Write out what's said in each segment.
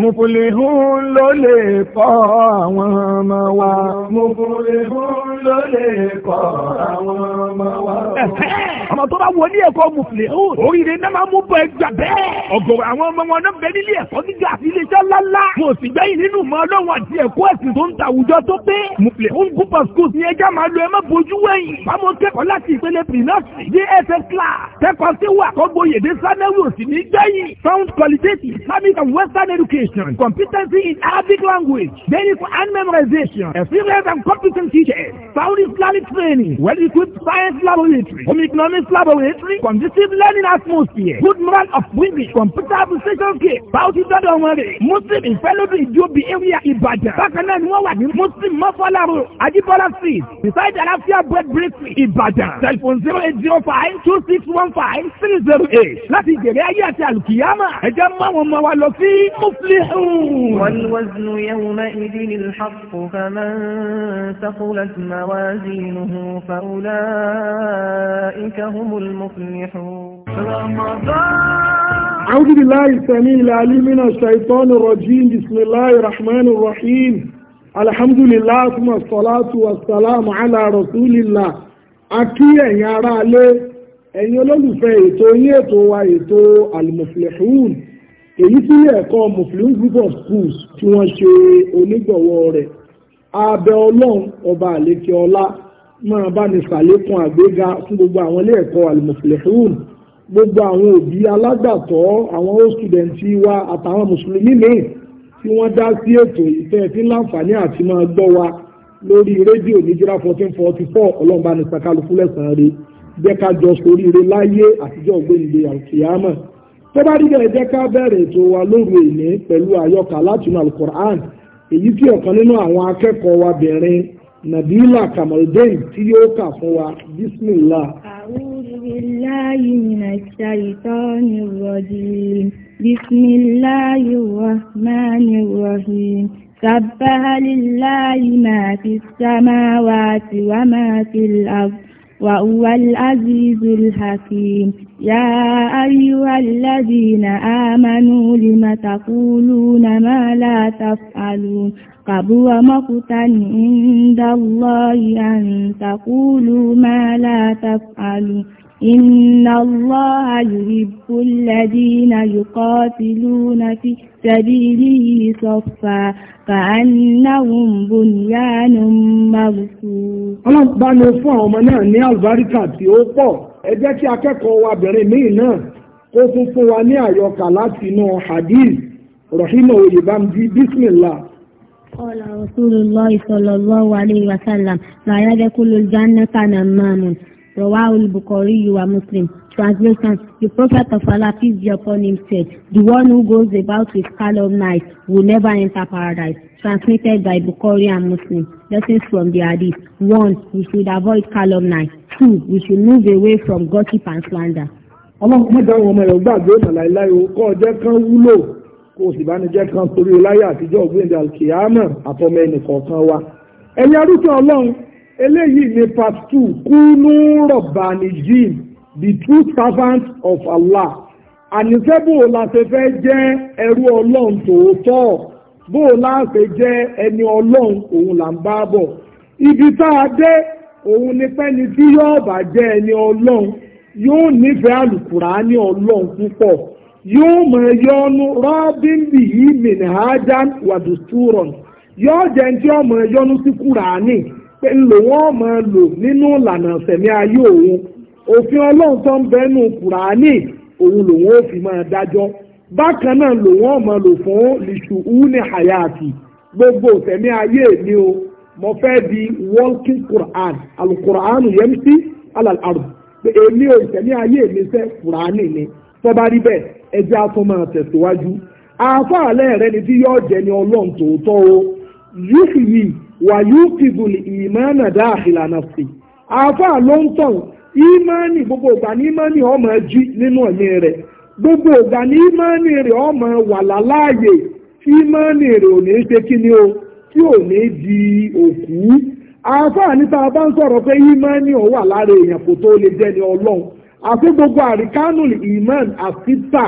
Mùfúlihún ló lè kọ́ àwọn ọmọ wa. Mùfúlihún ló lè kọ́ àwọn ọmọ wa. Ọmọ tó bá wọlé ẹ̀kọ́ Mùfúlihún. Oríire náà máa mú bọ ẹgbà bẹ́ẹ̀. Ọ̀gọ̀rọ̀ àwọn ọmọ wọn náà bẹ nílé ẹ̀kọ́ gíga àti iléeṣẹ́ ńláńlá. Mo sì gbẹ́yìn nínú ìmọ̀ ọlọ́run àti ẹ̀kọ́ ẹ̀sìn tó ń ta àwùjọ tó pé. Mùfúlihún Cooper School ni ẹja máa lo ẹ má bojú wẹ̀yìn. Fáwọn kẹ́kọ̀ọ́ láti ìpele Prinasi, DSS class, kẹ́kọ̀ọ́ sí wà kọ́gbóyèdè Sound qualitative Islamic and Western education memorization, competency in Arabic language, daily Quran memorization, experienced and competent teachers, sound Islamic training, well-equipped science laboratory, home economics laboratory, conducive learning atmosphere, good moral of women, computer application kit, bounty dọ́dọ̀ wọn rè, Muslim ìfẹ́lódún ìjó behavior Ìbàdàn, bákan náà ni wọ́n wà ní Muslim mọ́fọ́lárò, Ajibola street, beside Alafia bread in Ìbàdàn, telephone zero eight zero five two six one five three zero eight láti jèrè ayé àti àlùkìyámà, ẹ jẹ́ mọ́ àwọn ọmọ wa lọ Muslim. والوزن يومئذ الحق فمن ثقلت موازينه فأولئك هم المفلحون أعوذ بالله السميع العليم من الشيطان الرجيم بسم الله الرحمن الرحيم الحمد لله ثم الصلاة والسلام على رسول الله أكيا يا رالي أن يلوم فيه تو يتو ويتو المفلحون èyí tí ẹ̀kọ́ Muslim group of schools tí wọ́n ṣe onígbọ̀wọ́ rẹ̀ abẹ ọlọ́run ọba àlékè ọlá máa bá ní sàlékún àgbéga fún gbogbo àwọn ilé ẹ̀kọ́ al gbogbo àwọn òbí alágbàtọ́ àwọn old students wa àtàwọn mùsùlùmí míì tí wọ́n dá sí ètò ìfẹ́ tí láǹfààní àti máa gbọ́ wa lórí rédíò nìjíra fourteen forty four ọlọ́run bá ní sàkálùkù lẹ́sàn-án rẹ̀ jẹ́ ká jọ sóríire láyé àtijọ́ ògbéǹde àlùkìyámà tó bá rí bẹ́ẹ̀ jẹ́ ká bẹ̀rẹ̀ ètò wa lóru èlé pẹ̀lú àyọkà látinú alukur'an èyí tí ọ̀kan nínú àwọn akẹ́kọ̀ọ́ wa bẹ̀rẹ̀ nabila kamaldeen tí yóò kà fún wa bismillah. a'udhu billahi minash shaitanir rajim bismillahir rahmanir rahim sabbaha lillahi ma fis samawati wa ma fil ardh. وهو العزيز الحكيم يا أيها الذين آمنوا لم تقولون ما لا تفعلون قبو مقتا عند الله أن تقولوا ما لا تفعلون إن الله يحب الذين يقاتلون في سبيله صفا كأنهم بنيان مرصوص. Ọlọ́run bá ní fún àwọn ọmọ náà ní àlùbáríkà tí ó pọ̀. Ẹ jẹ́ kí akẹ́kọ̀ọ́ wa bẹ̀rẹ̀ míì náà kó tún fún wa ní àyọkà láti inú hadith rahima oyèbámdí bismillah. قال رسول الله صلى الله عليه وسلم لا يدخل الجنة من نمام Rawahul Bukhari you are Muslim. Translation The Prophet of Allah, peace be upon him, said, The one who goes about with calumnies will never enter paradise. Transmitted by Bukhari and Muslim. Lessons from the Hadith. One, We should avoid calumny. Two, We should move away from gossip and slander. Ọlọ́run mẹ́ta ọmọ ẹ̀rọ gbàgbé ìmọ̀láìláì o kọ́ ọjọ́ kan wúlò kó o sì bá ní jẹ́ kan torí láyé àtijọ́ ògbéǹde àlùkìyámà àtọmọ ẹnì kọ̀ọ̀kan wa. Ẹ̀yin arúgbó Ọlọ́run eléyìí ni part two kúnú rọ̀bàní jim the true servant of Allah àníṣẹ́ bò la ṣe fẹ́ jẹ́ ẹrú ọlọ́run tòótọ́ bò la ṣe jẹ́ ẹni ọlọ́run òun là ń bá bọ̀ ibi tá a dé òun ni pẹ́ni tí yóò bá jẹ́ ẹni ọlọ́run yóò nífẹ̀ẹ́ àlùkùránì ọlọ́run púpọ̀ yóò mọ̀ yọnu rọ́bìnbì yìí mìnìhájá wàdùsúrọ̀n yóò jẹ́ ní tí ọmọ yọnu sí kùránì pé ńlò wọ́n máa lò nínú ìlànà ìsẹ̀mí ayé òun òfin ọlọ́run tó ń bẹnu kùránì òun lòun ó fi máa dájọ́ bákan náà lò wọ́n máa lò fún lìṣù únì hayati gbogbo ìsẹ̀mí ayé mi o mo fẹ́ di walking quran alukur'an yẹmí alalarù èmi ò ìsẹ̀mí ayé mi fẹ́ kùránì ni tọ́ba rí bẹ́ẹ̀ ẹjẹ́ á tún máa tẹ̀síwájú àáfàá lẹ́ẹ̀rẹ́ ni tí yóò jẹ́ ni ọlọ́run tòótọ́ o yìí wàyúkìdùn ìmánà dáàkìlà nàfsì àáfà ló ń tàn ìmánì gbogbo ìgbà ní ìmánì ọmọ ẹjí nínú ẹ̀mí rẹ gbogbo ìgbà ní ìmánì rẹ̀ ọmọ wà láláàyè tí ìmánì rẹ̀ ò ní í ṣe kí ni o tí ò ní í di òkú àáfà níta bá ń sọ̀rọ̀ pé ìmánì ọ̀ wà lára èèyàn kò tó lè jẹ́ ni ọlọ́run àti gbogbo àríkánù ìmán àfíìsà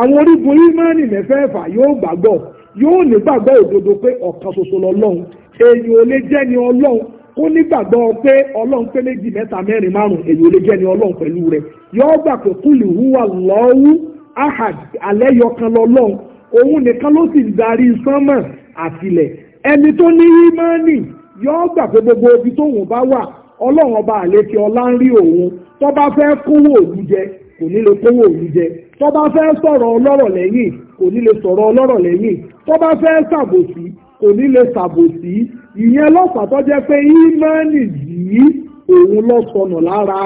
àwọn orígun ìmánì mẹ́fẹ̀ẹ̀fà yóò gbàgbọ́ yóò nígbàgbọ́ òdodo pé ọ̀kan ṣoṣo lọ́lọ́run èyí ò lè jẹ́ ni ọlọ́run ó nígbàgbọ́ pé ọlọ́run pé méjì mẹ́ta mẹ́rin márùn èyí ò lè jẹ́ ni ọlọ́run pẹ̀lú rẹ̀ yóò gbà pé kúlì húwà lọ́wọ́ ahad alẹ́ yọkan lọ́lọ́run òun nìkan ló sì darí sánmà àtìlẹ̀ ẹni tó ní ímánì yóò gbà pé gbogbo ibi tóun bá wà ọlọ́run ọba àlékè ọlá ń rí òun tó bá fẹ́ kówó òun jẹ kò ní lè kówó òun jẹ tó bá fẹ́ sọ̀rọ̀ ọlọ́rọ̀ lẹ́yìn kò ní lè sọ̀rọ̀ ọlọ́rọ̀ lẹ́yìn tó bá fẹ́ ṣàbòsí kò ní lè ṣàbòsí ìyẹn lọ́fà tó jẹ́ pé ímánì yìí òun lọ sọnù lára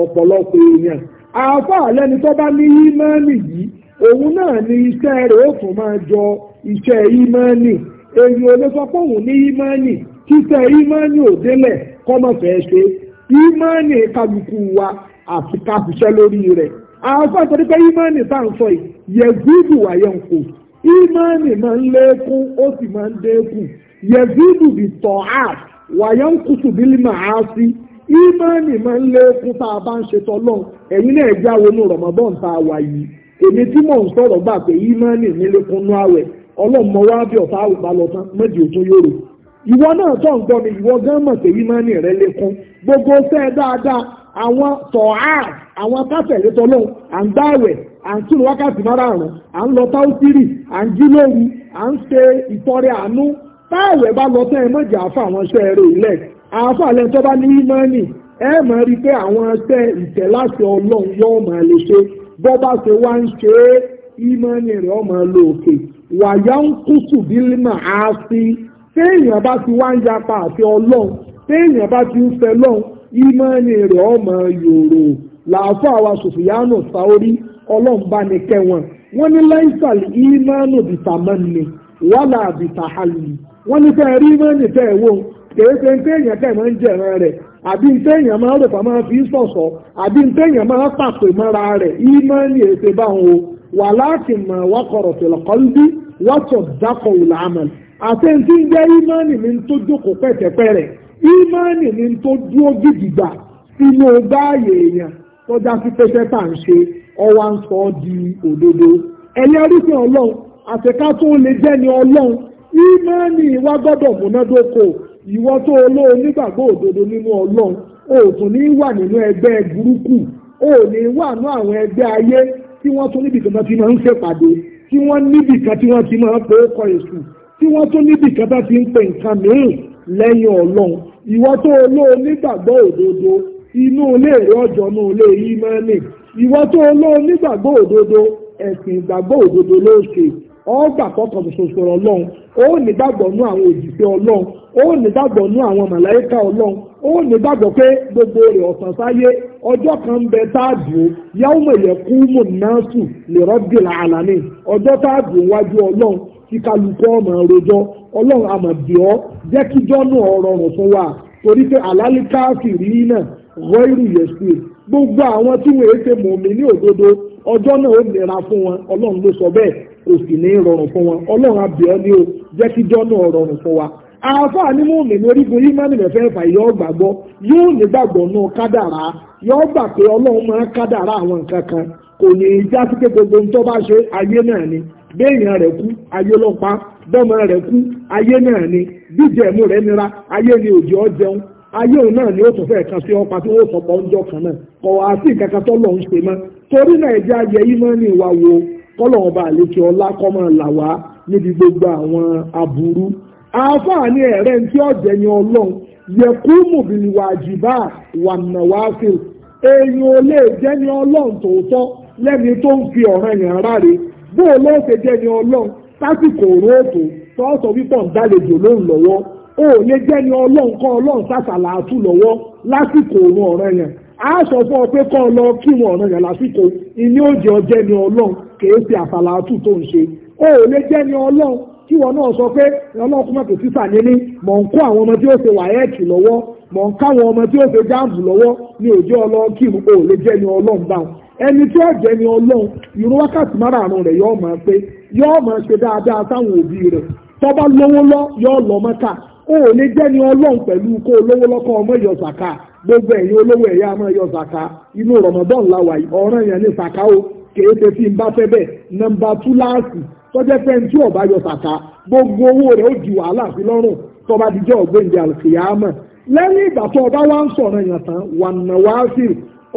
ọ̀pọ̀lọpọ̀ èèyàn àáfà lẹ́ni tó bá ní ímánì yìí òun náà ni iṣẹ́ rẹ̀ ó tún máa jọ iṣẹ́ ímánì èyí ò lè sọ pé òun ní ímánì títẹ̀ ímánì ò délẹ̀ kọ́mọ̀fẹ́ ṣe ímánì kálukú wa àfi ká ṣiṣẹ́ lórí rẹ̀ àáfà tó ní pé ímánì yẹ gúdù wáyé ń ìmánì máa ń lékún ó sì máa ń dínkù yẹ̀zídù bí tọ́hát wàyà ń kùsù bílí màá sí ìmánì máa ń lékún tá a bá ń ṣe tọ́lọ́ ẹ̀yin náà já wọnú rọ̀mọ́bọ́n tá a wà yìí èmi tí mò ń sọ̀rọ̀ gbà pé ìmánì mi lékún nú àwẹ̀ ọlọ́mọ wa bí ọ̀tá àwùbá lọ tán méjì òtún yòrò ìwọ náà tó ń gbọ́ mi ìwọ gán mọ̀ pé ìmánì rẹ lékún gbogbo sẹ́ẹ̀ dáadáa àwọn tọ́hát àwọn kásẹ̀lẹ́tọ́lọ́ à ń à ń kírun wákàtí márààrún à ń lọ táwùtírì à ń jí lóru à ń ṣe ìtọrẹ àánú táàwẹ̀ bá lọ tẹ́ ẹ mọ̀jà àfa àwọn iṣẹ́ eré ilẹ̀ àfa àlẹ́ tó bá ní ímánì ẹ mọ̀ rí pé àwọn iṣẹ́ ìtẹ̀láṣẹ ọlọ́run yóò máa lè ṣe bọ́ bá ṣe wá ń ṣe é ímánì rẹ̀ ọmọ lò òkè wàyà ń kú sùbílímà á téèyàn bá ti wá ń yapa àti ọlọ́run téèyàn bá ti ń fẹ́ lọ́run ímánì rẹ̀ ọmọ yòrò làáfà wa sòfìyànù sáórí ọlọ́mbanìkẹ́ wọn wọ́n ní láìsàl ìmánu bìtàmánì wàlà bìtàhálì wọ́n ní fẹ́ rí mọ́nì fẹ́ wò kèé pé nké èèyàn kẹ́ máa ń jẹ̀ràn rẹ̀ àbí nké èèyàn máa rò fàmà fi sọ̀sọ̀ àbí nké èèyàn máa pàpè mọ́ra rẹ̀ ìmánu ètè báwọn o wàláàkì mọ̀ wákọ̀rọ̀ fìlọ̀kọ́lbí wọ́tọ̀ dákọ̀ ìlàmọ̀ àtẹ̀ntì ń jẹ́ ìmánì mi tó jókòó pẹ̀tẹ̀pẹ̀rẹ̀ ìmánì tó já sí pé sẹ́tà ń ṣe ọwá ń sọ ọ́ di òdodo ẹlẹ́rìí fún ọlọ́run àtẹ̀ká tó lè jẹ́ ni ọlọ́run ìmọ̀ọ́nì wa gbọ́dọ̀ múnádóko ìwọ tó olóò nígbàgbọ́ òdodo nínú ọlọ́run o tún ní wà nínú ẹgbẹ́ burúkú o ní wà nínú àwọn ẹgbẹ́ ayé tí wọ́n tún níbi kan tí wọ́n ń ṣèpàdé tí wọ́n níbi kan tí wọ́n ti máa ń pe ọkọ̀ èṣù tí wọ́n tún níbi kan tí wọ́n ti ń pe nǹkan mìíràn lẹ́yìn ọlọ́run ìwọ tó olóò nígbàgbọ́ òdodo inú ole rẹ ọjọ́ inú ilé yìí ni iwotu olo ìwọ tó lọ nígbàgbọ́ òdodo ẹ̀sìn ìgbàgbọ́ òdodo ló ṣe ọgbà kọkàn ṣoṣo ọlọ́run ó nígbàgbọ́ nú àwọn òjìṣẹ́ ọlọ́run ó nígbàgbọ́ nú àwọn màláíkà ọlọ́run ó nígbàgbọ́ gbogbo rẹ̀ ọ̀sán sáyé ọjọ́ kan ń bẹ táàbù ó yawma yaqumu nnasu li rabbil alamin ọjọ́ táàbù wájú ọlọ́run kí kálukú ọmọ rojọ́ ọlọ́run wọ́ọ̀rù yẹ̀sì gbogbo àwọn tí wọ́n èké mọ̀mí ní òdodo ọjọ́ náà ó nira fún wọn ọlọ́run ló sọ bẹ́ẹ̀ kò sì ní rọrùn fún wọn ọlọ́run abẹ́ọ́ ni ó jẹ́ kíjọ́ náà rọrùn fún wa àáfàá ní mọ̀mí ní orígun yimani rẹ̀ fẹ́ẹ́ fà yọ gbàgbọ́ yóò ní gbàgbọ́ náà kádàrá yọ gbà pé ọlọ́run máa kádàrá àwọn nǹkan kan kò ní í já sí pé gbogbo ń tó bá ṣe ayé náà ni béèyàn rẹ̀ kú ayé ló pa bọ́mọ rẹ̀ kú ayé náà ni bíjẹ̀mú rẹ̀ nira ayé ni òjò jẹun ayé òun náà ni ó tún fẹ́ẹ̀ kan sí ọpa tí wọ́n sọpọ̀ ọjọ́ kan náà kọ̀ wá sí ìkankan tọ́lọ̀ ń ṣe mọ́ torí nàìjíríà yẹ ìmọ̀ọ́nì wa wo kọ́lọ̀ ọba àlejò ọlá kọ́ máa là wá níbi gbogbo àwọn aburú àfààní ẹ̀rẹ́ ní tí ọ̀jẹ̀ ni ọlọ́run yẹ kú mùbìlì wà jìbá wà nà wá sí èèyàn ò lè jẹ́ ni ọlọ́run tòótọ́ lẹ́ni tó ń fi ọ̀ràn yàn ráre bó o ò lè jẹ́ ni ọlọ́run kọ́ ọlọ́run sàṣàlà àtú lọ́wọ́ lásìkò òun ọ̀rẹ́ yẹn a sọ fún ọ pé kọ́ lọ kí wọn ọ̀rẹ́ yẹn lásìkò ilé òjì ọjẹ́ ni ọlọ́run kìí ṣe àṣàlà àtú tó ń ṣe o ò lè jẹ́ ni ọlọ́run kí wọn náà sọ pé ọlọ́run kúmọ̀ kò sísà ní ní mọ̀ ń kó àwọn ọmọ tí ó ṣe wàhẹ́ẹ̀kì lọ́wọ́ mọ̀ ń káwọn ọmọ tí ó ṣe jáàmù lọ́wọ́ ní òjò ọlọ́run kí o lè jẹ́ ni ọlọ́run báwọn ẹni tí ọ̀jẹ̀ ni ọlọ́run ìrún wákàtí márààrún rẹ̀ yóò máa pé yóò máa ṣe dáadáa sáwọn òbí rẹ̀ tọ́ba lówó lọ yóò lọ mọ́ta o ò lè jẹ́ ni ọlọ́run pẹ̀lú kó olówó lọ́kọ́ ọmọ yọ sàká gbogbo ẹ̀yin olówó ẹ̀yà ọmọ yọ sàká inú rọmọdọ́n la wà yìí ọ̀ràn yẹn ní sàká o kèé ṣe fi ń bá fẹ́ bẹ́ẹ̀ nọmba túláàsì tọ́jẹ́ fẹ́ni tí ọba yọ sàká gbogbo owó rẹ̀ ó di wàhálà sí lọ́rùn tọba dijọ́ ọ̀gbẹ́ndì àlùkìyàmọ̀ lẹ́yìn ìgbà tó ọba wa ń sọ̀rọ̀ yàn tán wà nà wá sí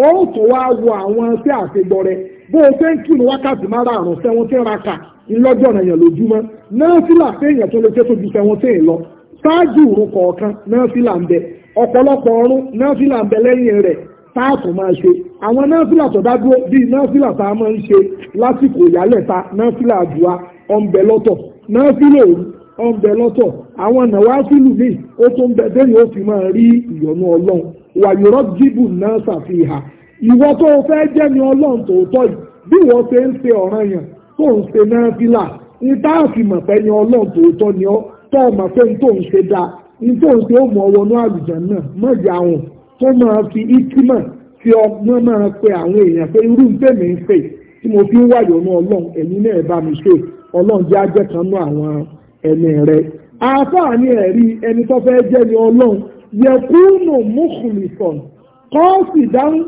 ó tó wá wo àwọn sí àṣegbọ rẹ bó o fẹ́ ń kírun wákàtí márààrún sẹ́wọ́n tí ń ra kà ńlọ́jọ́ ọ̀nà yàn lójúmọ́ náà sílà fẹ́ èèyàn tó lè ṣe tó ju sẹ́wọ́n tí ì lọ ṣáájú òrùn kọ̀ọ̀kan náfìlà ń bẹ ọ̀pọ̀lọpọ̀ ọrún náfìlà ń bẹ lẹ́yìn rẹ̀ táàtù máa ṣe àwọn náfìlà tó dádúró bíi náfìlà tá a máa ń ṣe lásìkò ìyálẹ̀ta náfìlà àdúrà ọ̀nbẹ lọ́tọ̀ náfìlà òru ọ̀nbẹ lọ́tọ̀ àwọn nàwáfìlù míì ó tún bẹ bẹ́ẹ̀ ó fi máa rí ìyọ́nú ọlọ́run wàyọ̀rọ̀ jíbù náà ṣàfihàn ìwọ tó o fẹ́ jẹ́ ni ọlọ́run tòótọ́ yìí bí ìwọ ṣe ń ṣe ọ̀ranyàn tó ń ṣe náfìlà ní táàfì mọ̀pẹ́ ni ọlọ́run tòótọ́ ni ọ́ tó o mọ̀ pé n tó ń ṣe dá n tó ń ṣe ó mọ̀ wọnú àlùjá náà mọ̀jà àwọn tó máa fi ìkímọ̀ fi ọgbọ́n máa pe àwọn èèyàn pé irú tèmi ń fè tí mo fi ń wáyọ̀ ní ọlọ́run ẹ̀yin náà bá mi ṣe ọlọ́run jẹ́ ajẹ́ kan nú àwọn ẹni rẹ̀ àfààní ẹ̀rí ẹni tó fẹ́ jẹ́ ni ọlọ́run yẹkúnù mùsùlùmí kọ́ọ̀sì dáhùn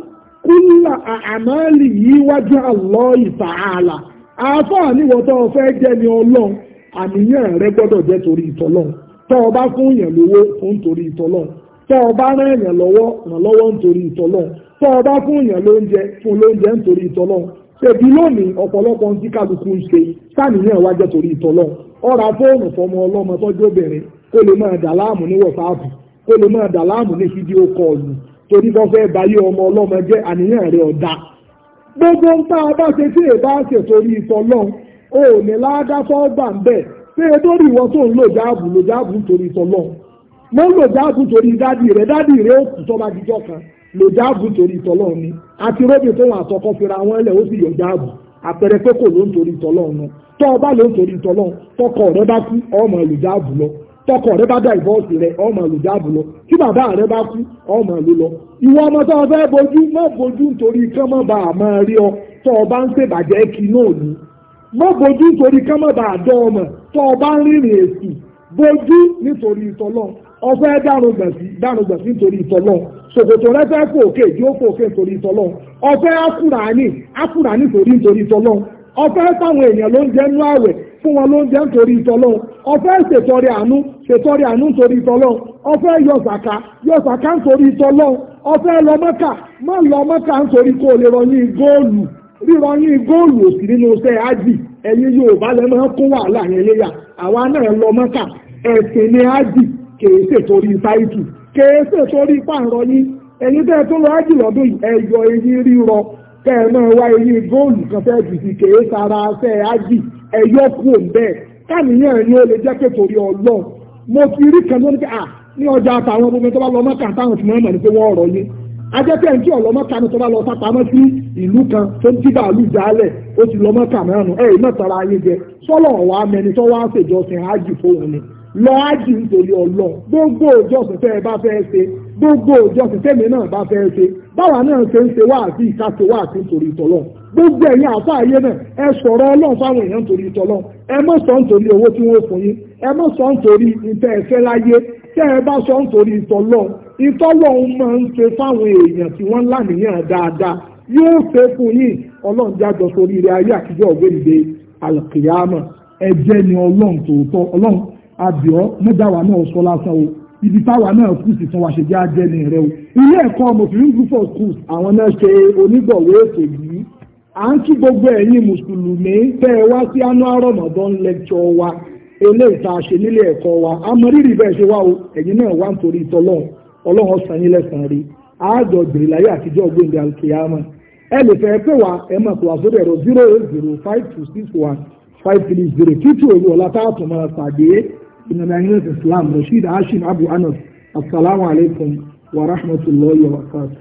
kúlà àmàlì yìí wájú àlọ́ ìtààlà àfààní wọ́tọ́ fẹ́ jẹ́ ni ọlọ́run àníyàn rẹ gbọ́dọ̀ jẹ́ torí ìtọ́lọ́run tọ́ ọ bá fún èèyàn lówó fún torí ìtọ́lọ́run tọ́ ọ bá rán èèyàn lọ́wọ́ ràn lọ́wọ́ nítorí ìtọ́lọ́run tọ́ ọ bá fún èèyàn lóúnjẹ fún lóúnjẹ nítorí ìtọ́lọ́run ṣèbí lónìí ọ̀pọ̀lọpọ̀ tí kálukú ń ṣe sáníyàn wá jẹ́ torí ìtọ́lọ́run ọ̀rà fóònù fọmọ ọlọ́mọ tọ́jú obìnrin kó lè máa dà láàmú ní wọ̀sáàpù kó lè máa dà láàmú ní fídíò kọ́ọ̀lù torí bọ́ fẹ́ báyé ọmọ ọlọ́mọ jẹ́ àníyàn rẹ̀ ọ̀dà gbogbo ń tá a bá ṣe tí èbá ṣètò orí ìtọ́lọ́run o ò lè láádá fọ́ọ̀gbà ń bẹ̀ pé edórí ìwọ tó ń lò jáàbù lò jáàbù nítorí tọlọ mọ lò jáàbù torí dádì rẹ dádì rẹ ó kù sọba jíjọ kan lò jáàbù torí tọlọ ni àti róbì tó wà àtọkọ fira wọn lẹ ó sì yọ jáàbù àpẹẹrẹ pé kò ló ń torí tọlọ nu tọ ọba ló ń torí tọlọ tọkọ rẹ bá kú ọmọ lò jáàbù lọ tọkọ rẹ bá dá ìbọ́ọ̀sì rẹ ọmọ lò jáàbù lọ tí bàbá rẹ bá kú ọmọ lò lọ ìwọ ọmọ tó fẹ́ bojú mọ́ bojú nítorí kán mọ́ bá àmọ́ rí ọ tọ ọba ń ṣèbàjẹ́ kí náà ní mọ́ bójú nítorí ká má bàa dán ọmọ tó o bá ń rìnrìn èsì bójú nítorí ìtọ́lọ́ ọfẹ́ dànù gbẹ̀sí dànù gbẹ̀sí nítorí ìtọ́lọ́ ṣòkòtò rẹ fẹ́ fòkè yóò fòkè nítorí ìtọ́lọ́ ọfẹ́ akùràní akùràní torí nítorí ìtọ́lọ́ ọfẹ́ táwọn èèyàn ló ń jẹ́ nú fún wọn ló ń jẹ́ nítorí ìtọ́lọ́ ọfẹ́ ríra ní góòlù òsì nínú iṣẹ́ ájì ẹ̀yin Yorùbá lẹ́ máa ń kó àwa lọ mọ́kà ẹ̀sìn ní ájì kèé torí táìtù kèé ṣètòrí pààrọ̀ yín ẹ̀yin tẹ́ tó lọ ájì lọ́dún yìí ẹ̀yọ eyín ẹ máa wá eyín góòlù kan fẹ́ẹ́ sara ṣẹ́ ájì ẹ̀yọ kú òǹbẹ́ káàmìyàn ni ó lè jẹ́ mo rí ní ajẹ́pẹ́ ẹ̀ǹtí ọ̀lọ́mọ́ta ni tó bá lọ sápamọ́ sí ìlú kan tó ń tí bàálù jálẹ̀ ó ti lọ mọ́ta mẹ́rin ẹ̀ ìmọ̀tara ayé jẹ sọ́lọ̀ ọ̀wá mẹni tó wá ṣèjọsìn ájì fóun ni lọ ájì nítorí ọlọ́run gbogbo òjọsìn tẹ́ ẹ bá fẹ́ ṣe gbogbo òjọsìn tẹ́mi náà bá fẹ́ ṣe báwa náà ṣe ń ṣe wá àti ìkàṣe wá àti nítorí ìtọ́lọ́ gbogbo ẹ̀yin àfa ayé náà ẹ sọ̀rọ̀ ọlọ́run fáwọn èèyàn nítorí ìtọ́lọ́ ẹ mọ̀ sọ nítorí owó tí wọ́n fún yín ẹ mọ̀ sọ nítorí ìtẹ́ ẹ̀fẹ́ láyé tẹ́ ẹ bá sọ nítorí ìtọ́lọ́ ìtọ́wọ̀ ń máa ń ṣe fáwọn èèyàn tí wọ́n láníyàn dáadáa yóò ṣe fún yín ọlọ́run jájọ sórí ilé ayé àtijọ́ ògbéǹde alkiyama ẹjẹ́ ni ọlọ́run tòótọ́ ọlọ́run àbíọ́ mẹ́jáwa náà sọ lásán o ibi táwa náà kù sí fún wa ṣe jẹ́ ajẹ́ ní rẹ o ilé ẹ̀kọ́ mùsùlùmí group of schools àwọn náà ṣe onígbọ̀wé ètò yìí à ń kí gbogbo ẹ̀yin mùsùlùmí tẹ́ ẹ wá sí annual Ramadan lecture wa eléyìí tá a ṣe nílé ẹ̀kọ́ wa amọ̀rírì bẹ́ẹ̀ ṣe wá o ẹ̀yin náà wá nítorí tọ́lọ́run ọlọ́run san yín lẹ́san rí àjọ gbèrè àtijọ́ gbòǹde alkiyama ẹ lè fẹ́ pé wa ẹ máa pè wá sórí ẹ̀rọ zero eight zero five two six one five three zero títí òru ọ̀la táàtù máa pàdé ìnáwó ayélujára islam rasheed hashim abu anas asalaamualeykum wa rahmatulahi wa barakatuh.